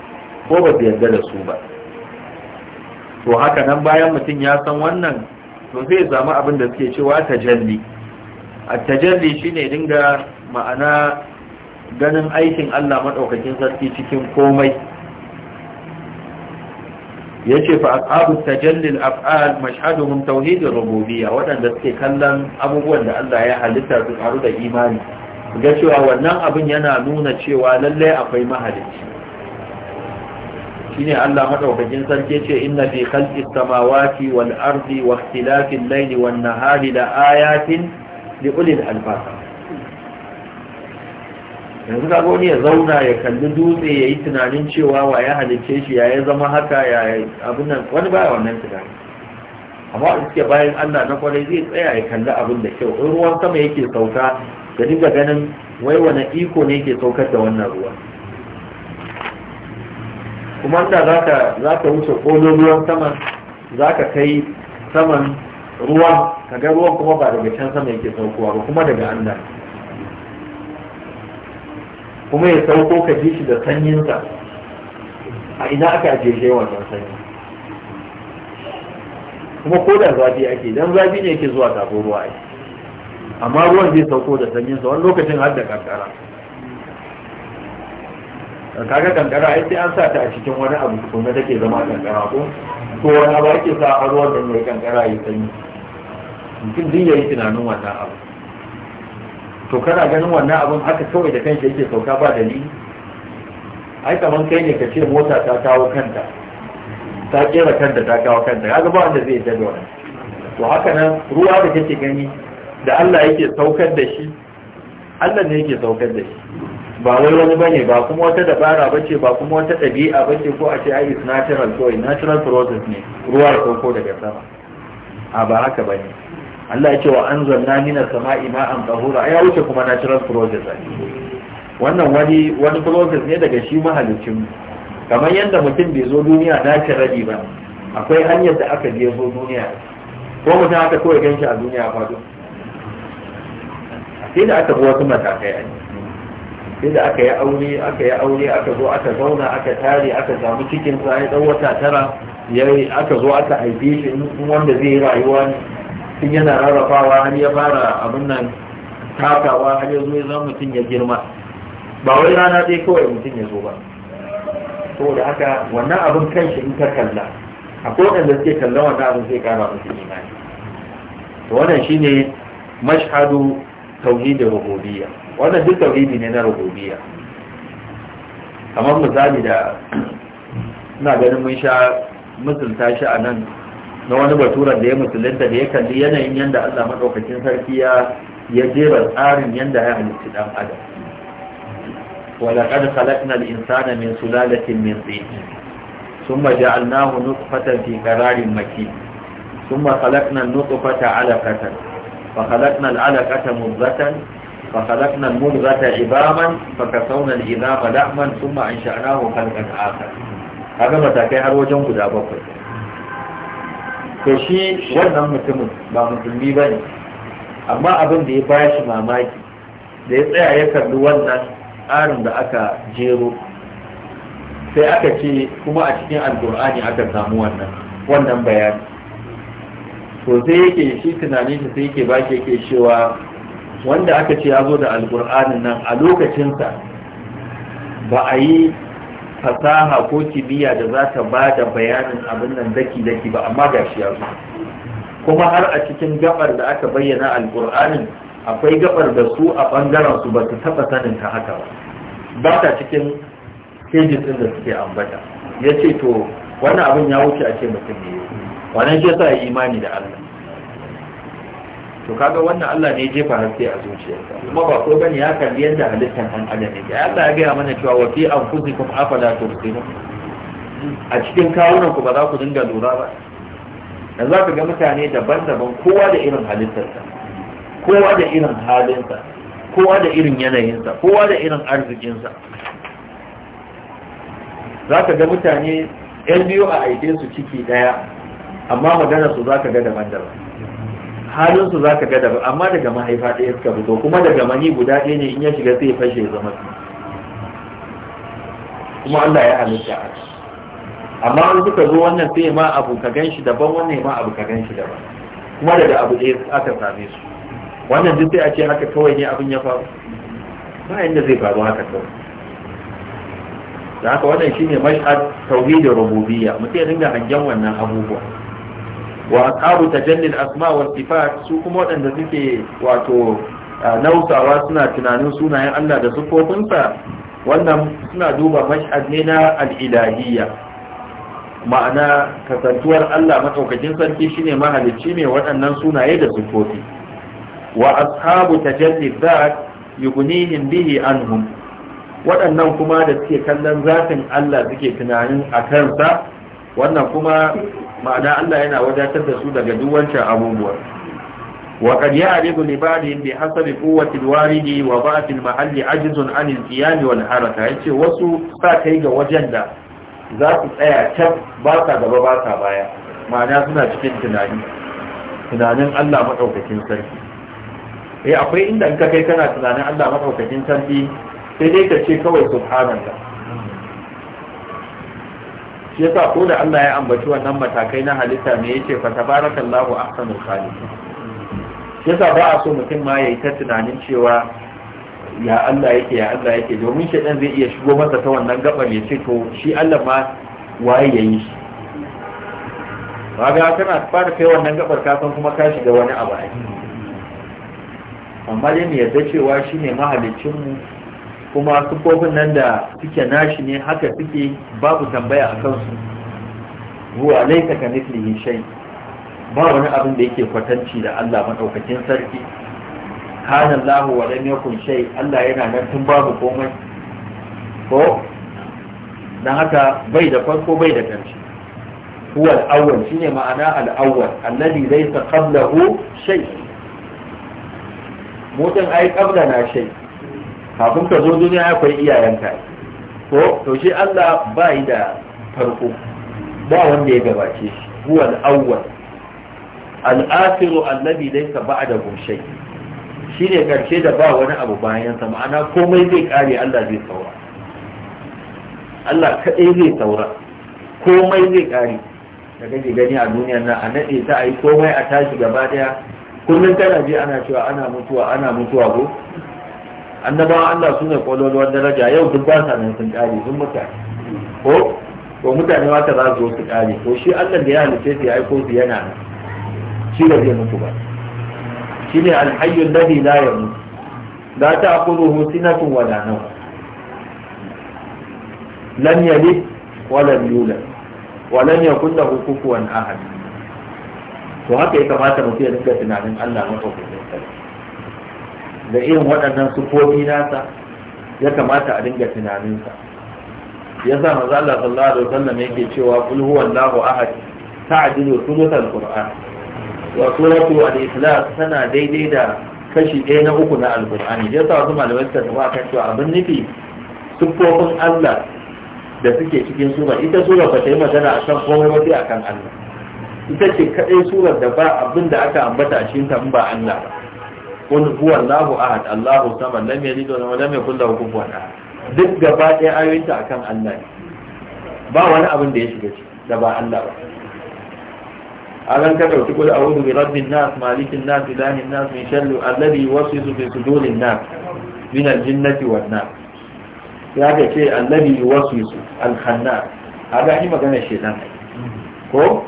ko ba su yarda da su ba to haka nan bayan mutum ya san wannan to zai zama abin da suke cewa tajalli a tajalli shine dinga ma'ana ganin aikin Allah maɗaukakin sarki cikin komai Ya ce fa ashabu tajallil af'al mashhaduhum tauhidir rububiyya wadanda suke kallon abubuwan da Allah ya halitta su karu da imani ga cewa wannan abin yana nuna cewa lalle akwai mahalicci shine Allah madaukakin sarki yace inna fi khalqis samawati wal ardi wa ikhtilafil layli wan nahari la ayatin li ulil albab yanzu ka wani ya zauna ya kalli dutse ya yi tunanin cewa wa ya halicce shi ya yi zama haka ya abin nan wani baya wannan tunani amma da suke bayan allah na kwarai zai tsaya ya kalli abin da kyau in ruwan sama yake sauka da dinga ganin wai wani iko ne yake saukar da wannan ruwa kuma da za ka wuce ƙolon ruwan saman za ka kai saman ruwan kaga ruwan kuma ba daga can sama yake saukowa ba kuma daga allah kuma ya sauko ka ji shi da sanyinsa a ina aka ajiye shi wannan sanyi kuma ko da zafi ake dan zafi ne yake zuwa tafi ruwa ai amma ruwan zai sauko da sanyinsa wani lokacin har da kankara kaga kankara ai sai an sa ta a cikin wani abu kuma take zama kankara ko ko wani abu ake sa a ruwan da mai kankara ya sanyi mutum din yayi tunanin wannan abu to kana ganin wannan abin haka kawai da kanshi yake sauka ba dalili ai kaman kai ne ka ce mota ta kawo kanta ta kera kanta ta kawo kanta ya zaba wanda zai tabi wannan to haka nan ruwa da kake gani da Allah yake saukar da shi Allah ne yake saukar da shi ba wai wani bane ba kuma wata dabara bace ba kuma wata ɗabi'a bace ko a ce ai natural kawai natural process ne ruwa ya sauko daga sama a ba haka bane Allah ya ce wa an zanna mina sama'i ma'an tahura ya wuce kuma natural process wannan wani wani process ne daga shi mahalicin kamar yadda mutum bai zo duniya rabi ba akwai hanyar da aka je zo duniya ko mutum aka kawai gan shi a duniya faɗo sai da aka bi wasu matakai a sai da aka yi aure aka yi aure aka zo aka zauna aka tare aka samu cikin sa ya dan wata tara yayi aka zo aka haife shi in wanda zai yi rayuwa ne tun yana rarrafawa har ya fara abin nan takawa har ya zo ya zama mutum ya girma ba wai rana dai kawai mutum ya zo ba da haka wannan abin kanshi in ka kalla akwai waɗanda suke kalla wannan abin zai kara musu imani to wannan shine mashhadu tauhidin rububiyya wannan duk tauhidi ne na rububiyya kamar misali da ina ganin mun sha mutunta shi a nan na wani baturen da ya musulunta da ya kalli yanayin yadda Allah maɗaukakin sarki ya ya jera tsarin yadda ya halitta ɗan adam wala qad khalaqna al-insana min sulalatin min tin thumma ja'alnahu nutfatan fi qararin makin thumma khalaqna an-nutfata 'alaqatan fa khalaqna al-'alaqata mudghatan fa khalaqna al-mudghata 'idhaman fa kasawna al-'idhama lahman matakai har wajen guda bakwai to shi wannan mutumin ba musulmi ba ne amma abin da ya shi mamaki da ya tsaya ya kalli wannan tsarin da aka jero sai aka ce kuma a cikin alkur'ani aka samu wannan wannan bayani to sai yake shi tunani shi sai yake baki yake cewa wanda aka ce ya zo da alkur'anin nan a lokacinsa ba a yi fasaha ko kimiyya da za ta ba da bayanin abin nan daki-daki ba amma ga shi ya kuma har a cikin gabar da aka bayyana alƙur'anin akwai gabar da su a ɓangaren su ba su taɓa sanin ta haka ba ba ta cikin pages ɗin da suke ambata ya ce to wannan abin ya wuce a ce mutum ne wannan shi yasa imani da Allah to kaga wannan Allah ne ya jefa haske a zuciyarsa kuma ba ko bane ya kalli yadda halittar an adam Ya Allah ya gaya mana cewa wa fi anfusikum afala tubsirun a cikin kawunan ku ba za ku dinga lura ba Da za ka ga mutane daban-daban kowa da irin halittarsa kowa da irin halinsa kowa da irin yanayinsa kowa da irin arzikinsa za ka ga mutane yan biyu a aike su ciki daya amma magana su za ka ga daban-daban halin su zaka ga daban amma daga mahaifa ɗaya suka fito kuma daga mani guda ɗaya ne in ya shiga sai fashe ya zama kuma Allah ya halitta haka amma in suka zo wannan sai ma abu ka gan shi daban wannan ma abu ka gan shi daban kuma daga abu ɗaya aka same su wannan duk sai a ce haka kawai ne abin ya faru ba inda zai faru haka kawai da haka wannan shine mash'ad tauhidin rububiyya mutum ya dinga hangen wannan abubuwa wa aqabu tajalli al-asma su kuma waɗanda suke wato nausawa suna tunanin sunayen Allah da sifofinsa wannan suna duba mash'ad ne na al-ilahiyya ma'ana kasantuwar Allah madaukakin sarki shine mahalicci ne waɗannan sunaye da sifofi wa ashabu tajalli dhat yughnihim bihi anhum waɗannan kuma da suke kallon zatin Allah suke tunanin a kansa wannan kuma ma'ana Allah yana wadatar da su daga duk wancan abubuwa wa qad ya'ribu li ba'dihim bi hasabi quwwati al-waridi wa ba'd al-mahalli ajizun 'an al-qiyam wal haraka yace wasu sa kai ga wajen da za su tsaya can ba ka gaba ba ka baya ma'ana suna cikin tunani tunanin Allah madaukakin sarki eh akwai inda in ka kai kana tunanin Allah madaukakin sarki sai dai ka ce kawai subhanallah shi yasa ko da Allah ya ambaci wannan matakai na halitta me yake fa tabarakallahu ahsanul khaliqin shi yasa ba a so mutum ma yayi ta tunanin cewa ya Allah yake ya Allah yake domin shedan zai iya shigo masa ta wannan gabar ya ce to shi Allah ma waye yayi shi kaga kana fara kai wannan gabar kafin kuma ka shiga wani abu amma dai ne yarda cewa shine mahaliccin mu kuma sufofin nan da suke nashi ne haka suke babu tambaya a kansu ruwa laita ka mislihi shai. ba wani abin da yake kwatanci da Allah maɗaukakin sarki kana lahu, wa lam yakun shay Allah yana nan tun babu komai ko dan haka bai da farko bai da ƙarshe huwa al-awwal shine ma'ana al-awwal alladhi laysa qablahu shay mutan ai qabla na shay kafin ka zo duniya akwai iyayenka ko to shi Allah bai da farko ba wanda ya gabace shi huwa al-awwal al-akhiru alladhi laysa ba'da shay shine karshe da ba wani abu bayan sa ma'ana komai zai kare Allah zai saura Allah kadai zai saura komai zai kare da kake gani a duniyar nan a naɗe ta ayi komai a tashi gaba daya kullum kana ji ana cewa ana mutuwa ana mutuwa ko annabawa Allah su ne kololuwar daraja yau duk ba sa nan sun kare sun mutane ko ko mutane ma ta za su zo su kare Ko shi Allah da ya halice su ya aiko su yana nan shi da zai mutu ba shi ne alhayyun ladhi la yamut la ta'khudhuhu sinatun wa la nawm lam yalid wa lam yulad wa lam yakul lahu kufuwan ahad to haka ya kamata mutum ya dinga tunanin Allah mafi da irin waɗannan sufofi nasa ya kamata a dinga tunaninsa ya sa maza Allah sallallahu alaihi wasallam yake cewa kul huwallahu ahad ta'dilu thuluthal qur'an wa suratu al-ikhlas tana daidai da kashi ɗaya na uku na alqur'ani ya sa wasu malamai suka tafi kan cewa abin nufi sufofin Allah da suke cikin sura ita sura ba ta yi magana akan komai ba sai akan Allah ita ce kadai surar da ba abin da aka ambata a cikin ta ba Allah ba qul huwallahu ahad allahu samad lam yalid wa lam yakul lahu kufuwan ahad duk gaba ɗaya ayoyinta akan Allah ne ba wani abin da ya shiga ciki da ba Allah ba alan ka dauki kul a'udhu bi rabbin nas malikin nas ilahin nas min sharri alladhi yuwaswisu fi sudurin nas min al-jinnati wan nas ya ga ce alladhi yuwaswisu al-khannas aga shi magana shedan ko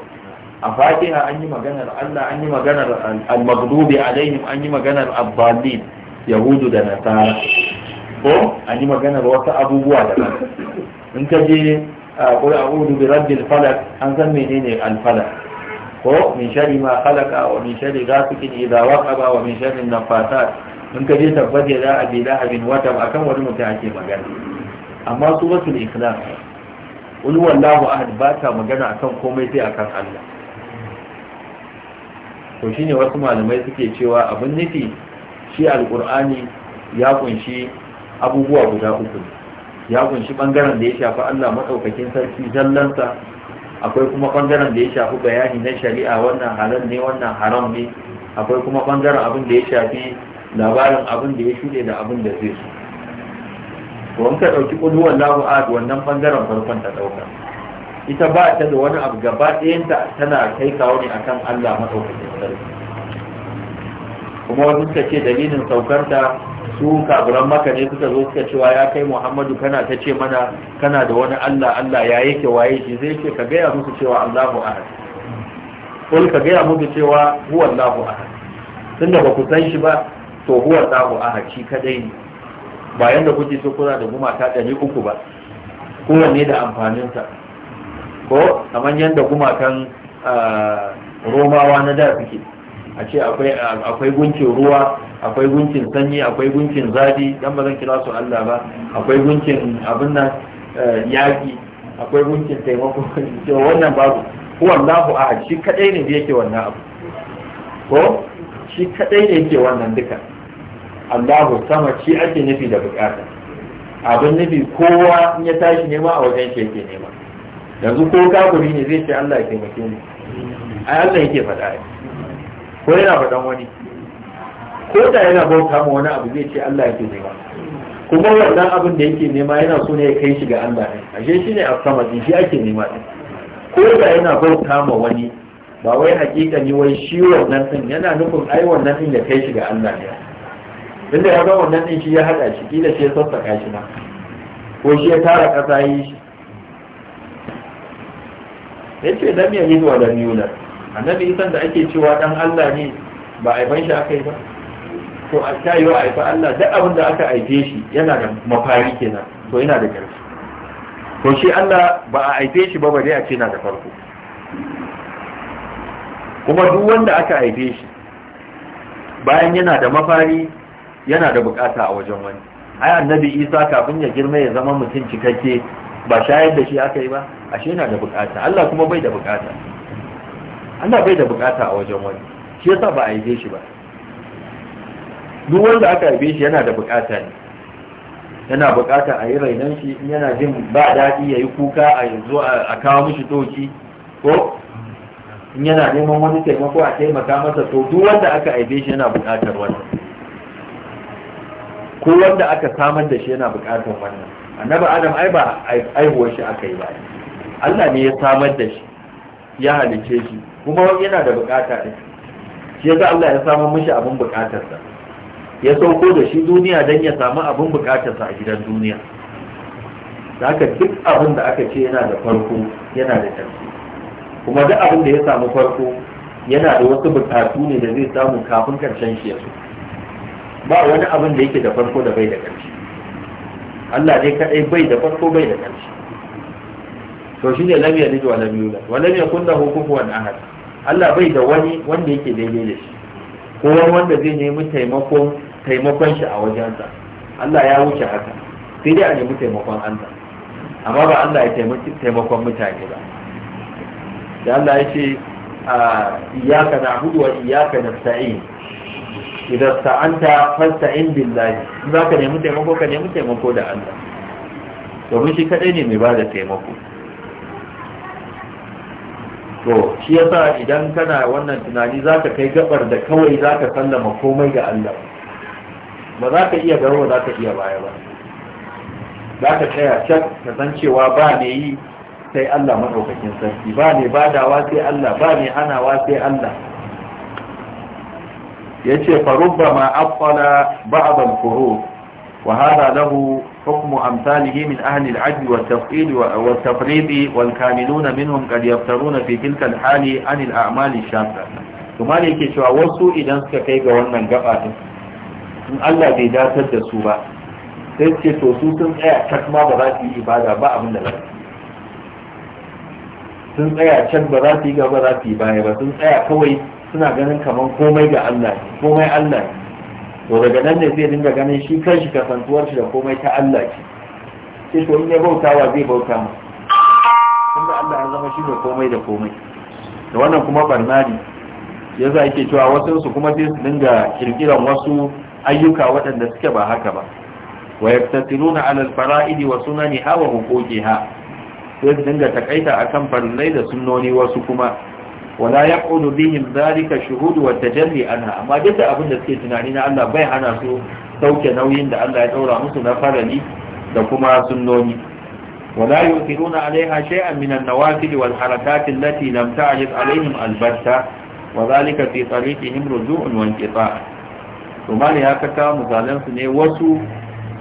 a fatiha an yi maganar Allah an yi maganar al-maghdubi alaihim an yi maganar abbalin yahudu da nasara ko an yi maganar wasu abubuwa da ba in ka je qul a'udhu bi rabbil an san menene al-falaq ko min sharri ma khalaqa wa min sharri ghasiqin idha waqaba wa min sharri an-nafathat in ka je tabbata da abi lahabin wata akan wani mutum ake magana amma suratul ikhlas qul huwallahu ahad bata magana akan komai sai akan Allah to shine wasu malamai suke cewa abin nufi shi alkur'ani ya kunshi abubuwa guda uku ya kunshi bangaren da ya shafi Allah madaukakin sarki zallansa akwai kuma bangaren da ya shafi bayani na shari'a wannan halal ne wannan haram ne akwai kuma bangaren abin da ya shafi labarin abin da ya shuɗe da abin da zai so, to ka ɗauki ƙuduwan wallahu a wannan bangaren farkon ta ɗauka ita ba ta da wani abu gaba ɗayanta tana kai kawo ne akan Allah maɗaukacin sarki kuma wasu suka ce dalilin saukarta su kaburan maka ne suka zo suka cewa ya kai muhammadu kana ta ce mana kana da wani Allah Allah ya yake waye shi zai ce ka gaya musu cewa Allahu ahad ko ka gaya musu cewa huwa Allahu ahad tunda ba ku san shi ba to huwa Allahu ahad shi kadai ne ba yanda kuke so kuna da gumata ɗari uku ba kowanne da amfaninsa ko kamar yadda gumakan romawa na da suke a ce akwai guncin ruwa akwai guncin sanyi akwai guncin zafi dan ba zan kira su Allah ba akwai guncin abin nan yaki akwai guncin taimako wannan babu ko Allahu a shi kadai ne yake wannan abu ko shi kadai ne yake wannan duka Allahu sama shi ake nufi da bukata abin nufi kowa in ya tashi nema a wajen shi yake nema yanzu ko kafiri ne zai ce Allah ya taimake ni ai Allah yake faɗa ko yana faɗan wani ko da yana bauta ma wani abu zai ce Allah yake nema kuma wannan abin da yake nema yana so ne ya kai shi ga Allah ne ashe shi ne din shi ake nema din ko da yana bauta ma wani ba wai hakika ne wai shi wannan din yana nufin ai wannan din ya kai shi ga Allah ne inda ya ga wannan din shi ya hada shi kila shi ya sassaka shi na? ko shi ya tara kasa yi shi na miya yalid wa lam yulad annabi isan da ake cewa dan Allah ne ba a ban shi aka yi ba to a ta yiwa aifa Allah duk abin da aka aife shi yana da mafari kenan to yana da ƙarfi to shi Allah ba a aife shi ba bare a ce na da farko kuma duk wanda aka aife shi bayan yana da mafari yana da bukata a wajen wani ai annabi Isa kafin ya girma ya zama mutum cikakke ba shayar da shi aka yi ba ashe yana da bukata Allah kuma bai da bukata Allah bai da bukata a wajen wani shi yasa ba a yi shi ba duk wanda aka yi shi yana da bukata ne yana bukata a yi rainon shi yana jin ba daɗi ya yi kuka a yanzu a kawo mishi doki ko in yana neman wani taimako a taimaka masa to duk wanda aka haife shi yana bukatar wannan ko wanda aka samar da shi yana bukatar wannan annabi adam ai ba aihuwar shi aka yi ba Allah ne ya samar da shi ya halice shi kuma yana da bukata ne shi yasa Allah ya samar mishi abin bukatarsa ya sauko da shi duniya don ya samu abin bukatarsa a gidan duniya da haka duk abin da aka ce yana da farko yana da ƙarfi, kuma duk abin da ya samu farko yana da wasu bukatu ne da zai samu kafin karshen shi ya ba wani abin da yake da farko da bai da ƙarshe Allah ne kadai bai da farko bai da ƙarshe to shi ne lam yalid wa lam yulad wa lam kunna lahu wani ahad Allah bai da wani wanda yake daidai da shi ko wani wanda zai nemi taimakon taimakon shi a wajensa Allah ya wuce haka sai dai a nemi taimakon Allah amma ba Allah ya taimaki taimakon mutane ba da Allah ya ce a iyyaka na'budu wa iyyaka nasta'in idan sa'anta fasta'in billahi za ka nemi taimako ka nemi taimako da Allah domin shi kadai ne mai bada taimako to shi yasa idan kana wannan tunani za ka kai gabar da kawai za ka sallama komai ga Allah ba za ka iya ba za ka iya baya ba za ka tsaya can ka san cewa ba ne yi sai Allah maɗaukakin sarki ba ne badawa sai Allah ba ne hanawa sai Allah Ya ce, farubba ma afala ba'd al-furud wa hada lahu hukmu amsalihi min ahli al-'adl wa al-tafqid wa al wal kamilun minhum qad yaftaruna fi tilka al-hali an al-a'mal ash-shaqqa kuma ne yake cewa wasu idan suka kai ga wannan gaba din in Allah bai datar da su ba sai ce to su sun tsaya can ma ba za su yi ibada ba abin da za sun tsaya can ba za su yi gaba za su yi baya ba sun tsaya kawai suna ganin kamar komai ga Allah ne komai Allah ne to daga nan ne zai dinga ganin shi kanshi kasantuwar shi da komai ta Allah ce sai to in ya bauta wa zai bauta mu kuma Allah ya zama shi ne komai da komai da wannan kuma barna ne za yake cewa wasu su kuma sai su dinga kirkiran wasu ayyuka waɗanda suke ba haka ba wa yaktasiluna ala al-fara'idi wa sunaniha wa ha. sai su dinga takaita akan farillai da sunnoni wasu kuma wala ya ƙunu bihin zalika shuhudu wa tajalli ana amma duk da abin da suke tunani na Allah bai hana su sauke nauyin da Allah ya ɗaura musu na farali da kuma sunnoni wala yuqiruna alaiha shay'an min an-nawafil wal harakati allati lam ta'jid alaihim albatta wa zalika fi tariqihim ruju'un wa inqita' to mali ya kaka misalan su ne wasu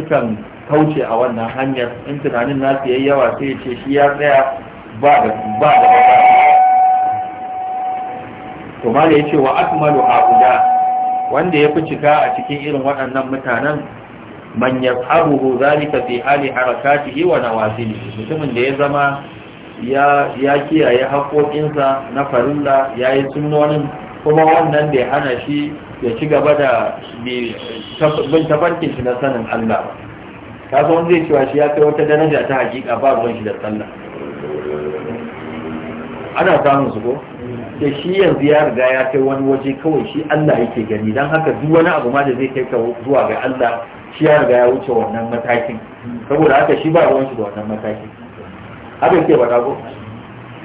sukan kauce a wannan hanyar in tunanin nasu yayyawa sai ya ce shi ya tsaya ba da ba to ma ya ce wa akmalu wanda ya fi cika a cikin irin waɗannan mutanen man yafhamuhu zalika fi hali harakatihi wa nawazilihi mutumin da ya zama ya kiyaye haƙoƙinsa na farilla yayi sunnonin kuma wannan da ya hana shi ya ci gaba da bin tafarkin shi na sanin Allah ka san wanda zai cewa shi ya kai wata daraja ta hakika ba ruwan shi da sallah ana samun su ko da shi yanzu ya riga ya kai wani waje kawai shi Allah yake gani dan haka duk wani abu ma da zai kai ka zuwa ga Allah shi ya riga ya wuce wannan matakin saboda haka shi ba ruwan shi da wannan matakin abin ke bada ko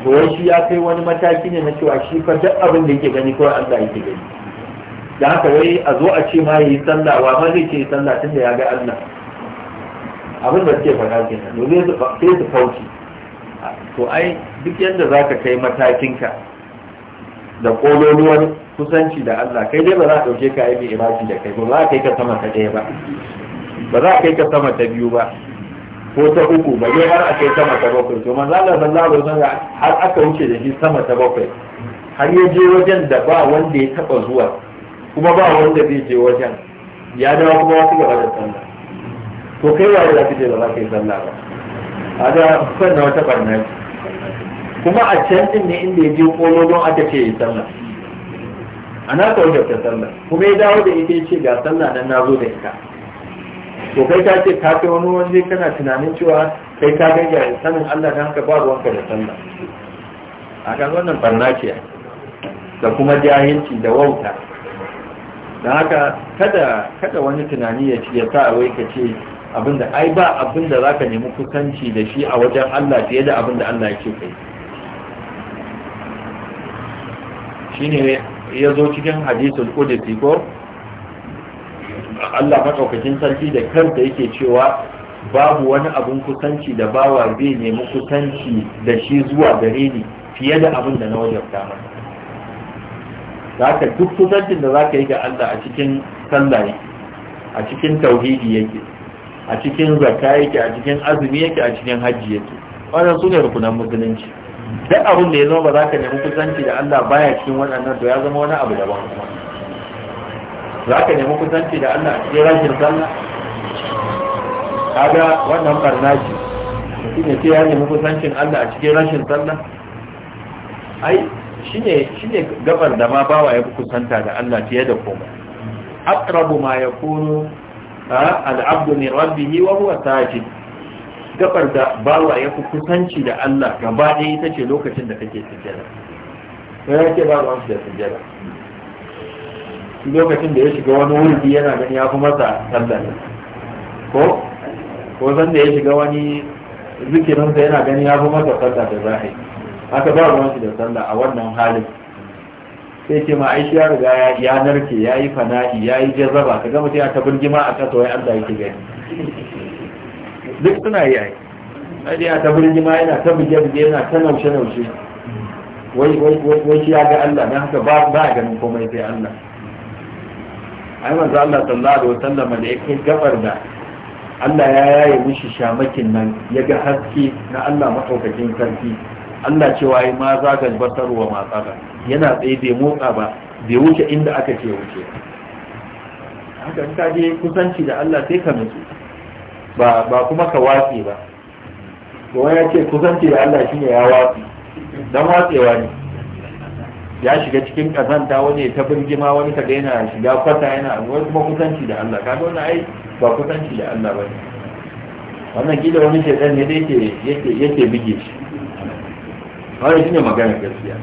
ko shi ya kai wani mataki ne na cewa shi fa duk abin da yake gani kawai Allah yake gani da haka wai a zo a ce ma yi sallah wa ma zai ce sallah tunda ya ga Allah abin da yake faɗa kenan dole sai su fauci to ai duk yadda zaka kai matakinka da kololuwar kusanci da Allah kai dai ba za a ɗauke ka yi imani da kai ba za a kai ka sama ta ɗaya ba ba za a kai ka sama ta biyu ba ko ta uku ba zai har a kai sama ta bakwai to manzo Allah sallallahu alaihi wasallam har aka wuce da shi sama ta bakwai har ya je wajen da ba wanda ya taba zuwa kuma ba wanda zai je wajen ya dawo kuma wasu gaba da sallah to kai wa da kake da za ka yi sallah ba a da kusan na wata barna ce kuma a can din ne inda ya je don aka ce ya sallah a na kawo da sallah kuma ya dawo da ita ya ce ga sallah nan na zo da ita to kai ka ce ka kai wani waje kana tunanin cewa kai ka ga sanin Allah dan ka ba ruwanka da sallah a kan wannan barna da kuma jahilci da wauta don haka kada wani tunani ya ce ya sa a wai ka ce abinda ai ba abinda zaka nemi kusanci da shi a wajen Allah fiye da abinda Allah yake kai shine ya zo cikin hadisul kudisi ko Allah madaukakin sarki da kanta yake cewa babu wani abun kusanci da bawa zai nemi kusanci da shi zuwa gare ni fiye da abin da na wajabta masa za ka duk kusancin da za ka yi ga Allah a cikin sallah a cikin tauhidi yake a cikin zakka yake a cikin azumi yake a cikin hajji yake wannan sune rukunan musulunci duk abin da ya zama ba za ka nemi kusanci da Allah baya cikin waɗannan to ya zama wani abu daban kuma za ka nemi kusanci da Allah a cikin rashin sallah kaga wannan barna shi ne ya nemi kusancin Allah a cikin rashin sallah ai shi ne gabar da ma bawa ya fi kusanta da Allah fiye da komai aqrabu ma yakunu al-abdu min rabbihi wa huwa sajid gabar da bawa ya fi kusanci da Allah gaba ɗaya ita ce lokacin da kake sujjada ko ya ce ba ruwan da sujjada lokacin da ya shiga wani wurbi yana gani ya fi masa sallar ko ko san da ya shiga wani zikirin sa yana gani ya fi masa sallar da zahi Haka ba ruwan da sallah a wannan halin sai ce ma aishi ya riga ya narke ya yi fana'i ya yi jazaba ka gama sai ta birgima a kasa wai Allah yake gani duk suna yi ai sai ya ta birgima yana ta buge-buge yana ta naushe-naushe wai shi ya ga Allah na haka ba a ganin komai sai Allah ai manzo Allah sallallahu alaihi wasallam da yake gabar da Allah ya yaye mishi shamakin nan ya ga haske na Allah madaukakin sarki Allah cewa yi ma zagal basarwa wa matsaka yana tsaye bai motsa ba bai wuce inda aka ce wuce haka in je kusanci da Allah sai ka nutsu ba ba kuma ka watse ba kuma ya ce kusanci da Allah shine ya watse dan watsewa ne ya shiga cikin kazanta wani ta birgima wani ka daina shiga kwata yana wani kuma kusanci da Allah kaga wannan ai ba kusanci da Allah ba wannan gida wani shedan ne da yake yake yake bige shi wannan shine magana gaskiya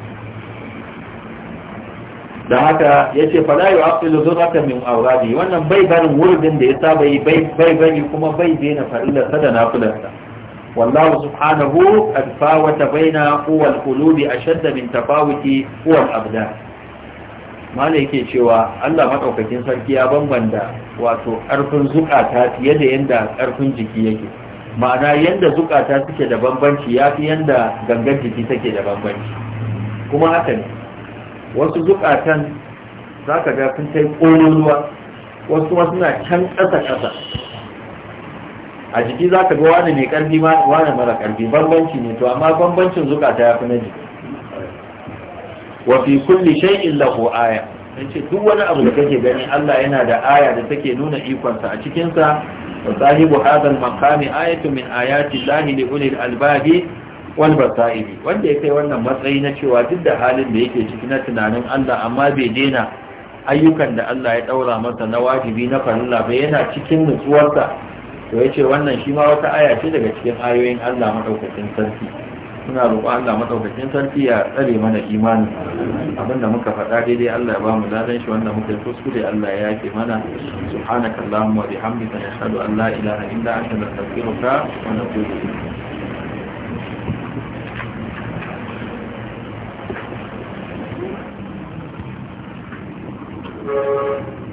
da haka ya ce fala yi aqilu min awradi wannan bai barin wurdin da ya saba yi bai bai bari kuma bai daina farillarsa da ta wallahu subhanahu qad fawata baina quwwal qulubi ashadda min tafawuti quwwal abdan malai yake cewa Allah madaukakin sarki ya bambanta wato karfin zukata fiye da yanda karfin jiki yake ma'ana yanda zukata suke da bambanci yafi yanda gangan jiki take da bambanci kuma haka ne wasu zukatan za ka ga sun kai wasu wasu suna can ƙasa-ƙasa a jiki za ka ga wani mai ƙarfi wani mara ƙarfi bambanci ne to amma bambancin zukata ya fi na jiki wa fi kulli shay'in lahu aya ce duk wani abu da kake gani Allah yana da aya da take nuna ikonsa a cikin sa wa sahibu hadha al-maqami ayatu min ayati Allah li ulil albabi ta basairi wanda ya kai wannan matsayi na cewa duk da halin da yake ciki na tunanin Allah amma bai daina ayyukan da Allah ya daura masa na wajibi na farilla ba yana cikin nutsuwarsa to ce wannan shi ma wata aya ce daga cikin ayoyin Allah madaukakin sarki muna roƙo Allah madaukakin sarki ya tsare mana imani abinda muka faɗa daidai Allah ya bamu ladan shi wanda muka yi da Allah ya yake mana subhanakallahumma wa bihamdika nashhadu an la ilaha illa anta nastaghfiruka wa natubu ilayk Música